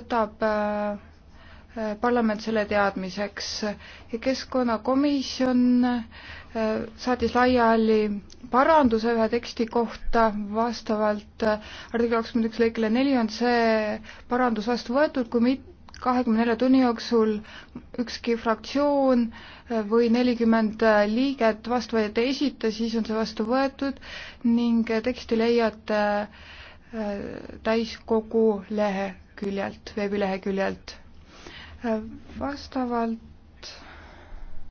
võtab äh, äh, parlament selle teadmiseks ja keskkonnakomisjon äh, saatis laiali paranduse ühe teksti kohta vastavalt artikli kakskümmend üks lõikele neli on see parandus vastu võetud, kui mit-, kahekümne nelja tunni jooksul ükski fraktsioon või nelikümmend liiget vastuväidet ei esita, siis on see vastu võetud ning teksti leiate täiskogu lehe küljelt, veebileheküljelt. vastavalt